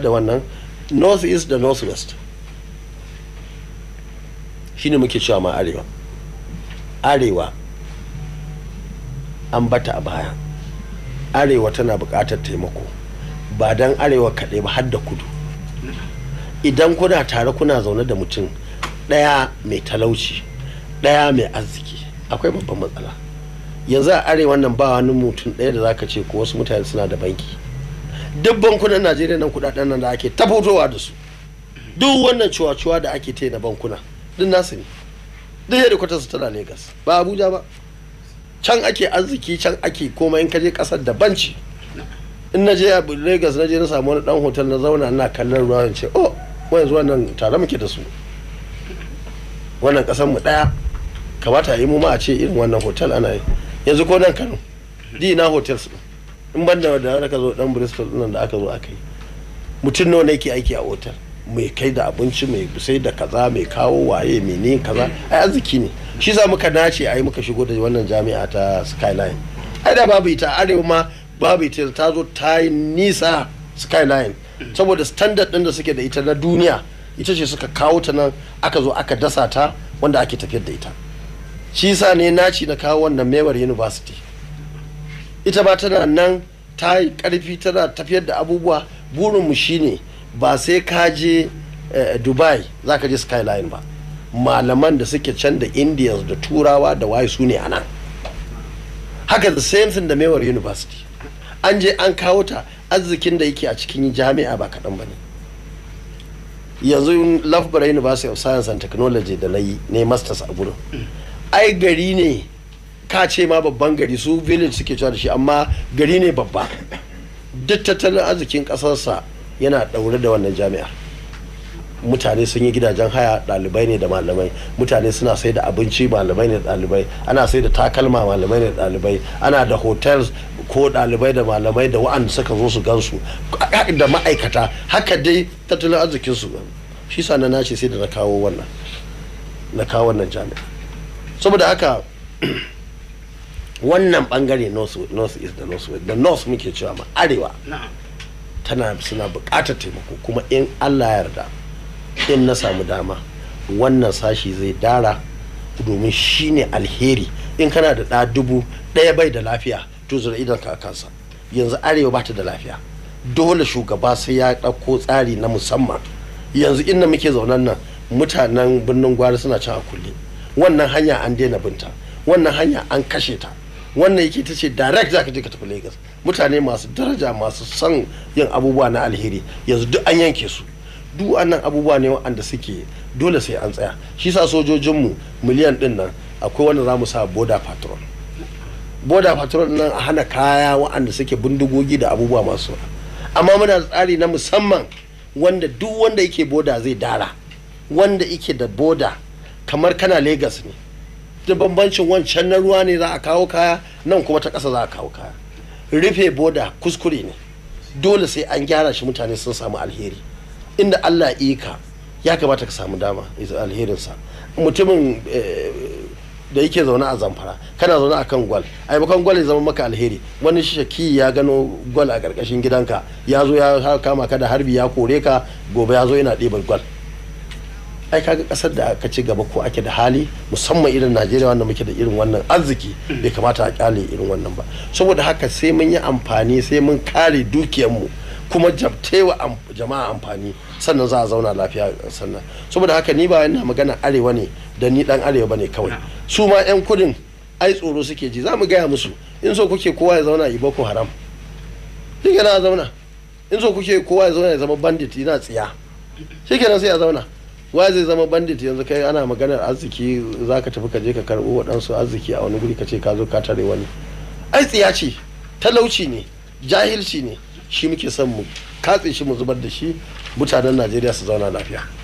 da wannan north east da north west shine muke cewa ma arewa arewa an bata a baya arewa tana bukatar taimako ba don arewa kaɗai ba har da kudu idan kuna tare kuna zaune da mutum ɗaya mai talauci ɗaya mai arziki akwai babban matsala yanzu a arewa nan ba wani mutum ɗaya da zaka ce ko wasu mutane suna da banki duk bankunan najeriya nan kudaden nan da ake ta fitowa da su duk wannan cuwa cuwa da ake ta na bankuna duk nasu ne duk yadda kwatar su tana Legas ba abuja ba can ake arziki can ake komai in kaje kasar da banci in na je a lagos na je na samu wani dan hotel na zauna na kallon ruwa in ce oh wani zuwa nan tare muke da su wannan kasar mu daya kamata a yi mu ma a ce irin wannan hotel ana yi yanzu ko nan kano di na hotels in ban da da aka zo dan bristol nan da aka zo aka yi mutum nawa yake aiki a otal mai kai da abinci mai sai da kaza mai kawo waye mai ne kaza ai arziki ne shi za muka nace a yi muka shigo da wannan jami'a ta skyline ai da babu ita arewa ma babu ita ta zo ta yi nisa skyline saboda standard ɗin da suke da ita na duniya ita ce suka kawo ta nan aka zo aka dasa ta wanda ake tafiyar da ita shi sa ne naci na kawo wannan mewar university ita ba tana nan ta yi karfi tana tafiyar da abubuwa burinmu shine ba sai ka je eh, dubai za ka je skyline ba malaman da suke can da indians da turawa da waye su ne a nan haka the same thing da mewar university an je an kawo ta arzikin da yake a cikin jami'a ba kaɗan ba ne yanzu lafbara university of science and technology da na yi ne masters a gurin ai gari ne ka ce ma babban gari su village suke cewa da shi amma gari ne babba duk tattalin arzikin kasarsa yana ɗaure da wannan jami'ar mutane sun yi gidajen haya ɗalibai ne da malamai mutane suna sai da abinci malamai ne ɗalibai ana sai da takalma malamai ne ɗalibai ana da hotels ko ɗalibai da malamai da wa'anda suka zo su gansu da ma'aikata haka dai tattalin arzikin su shi sa na nace sai da na kawo wannan na kawo wannan jami'a saboda haka wannan bangare north east da north west da north muke cewa ma arewa tana suna bukatar taimako kuma in allah ya yarda in na samu dama wannan sashi zai dara domin shine alheri in kana da ɗa dubu ɗaya bai da lafiya to zura idan ka kansa yanzu arewa ba ta da lafiya dole shugaba sai ya ɗauko tsari na musamman yanzu inda muke zaunan nan mutanen birnin gwari suna can a kulle wannan hanya an daina binta wannan hanya an kashe ta wannan yake ta ce direct za ka je ka tafi lagos mutane masu daraja masu son yin abubuwa na alheri yanzu duk an yanke su duk annan abubuwa ne wanda suke dole sai an tsaya shi sa sojojinmu miliyan din nan akwai wanda za mu sa border patrol border patrol nan a hana kaya wa'anda suke bindigogi da abubuwa masu amma muna tsari na musamman wanda duk wanda yake boda zai dara wanda yake da boda kamar kana Legas ne da bambancin wancan na ruwa ne za a kawo kaya nan kuma ta kasa za a kawo kaya rufe boda kuskure ne dole sai an gyara shi mutane sun samu alheri inda allah ika ya kamata ka samu dama alherinsa mutumin eh, da yake zaune a zamfara kana zaune a kan gwal ai bakan gwal ya zama maka alheri wani shaki ya gano gwal a ƙarƙashin gidanka ya zo ya kama ka da harbi ya kore ka gobe ya zo yana ɗiban gwal ai kaga kasar da aka ci gaba ko ake da hali musamman irin najeriya wanda muke da irin wannan arziki bai kamata a kyale irin wannan ba saboda haka sai mun yi amfani sai mun kare dukiyarmu kuma jabtewa jama'a amfani sannan za a zauna lafiya sannan saboda haka ni ba yana magana arewa ne da ni dan arewa bane kawai su ma yan kudin ai tsoro suke ji za mu gaya musu in so kuke kowa ya zauna yi boko haram shi zauna in so kuke kowa ya zauna ya zama bandit yana tsiya shi kenan sai ya zauna wa zai zama bandit yanzu kai ana maganar arziki za ka tafi ka je ka karɓo waɗansu arziki a wani guri ka ce ka zo ka tare wani ai tsiya ce talauci ne jahilci ne shi muke son mu katse shi mu zubar da shi mutanen najeriya su zauna lafiya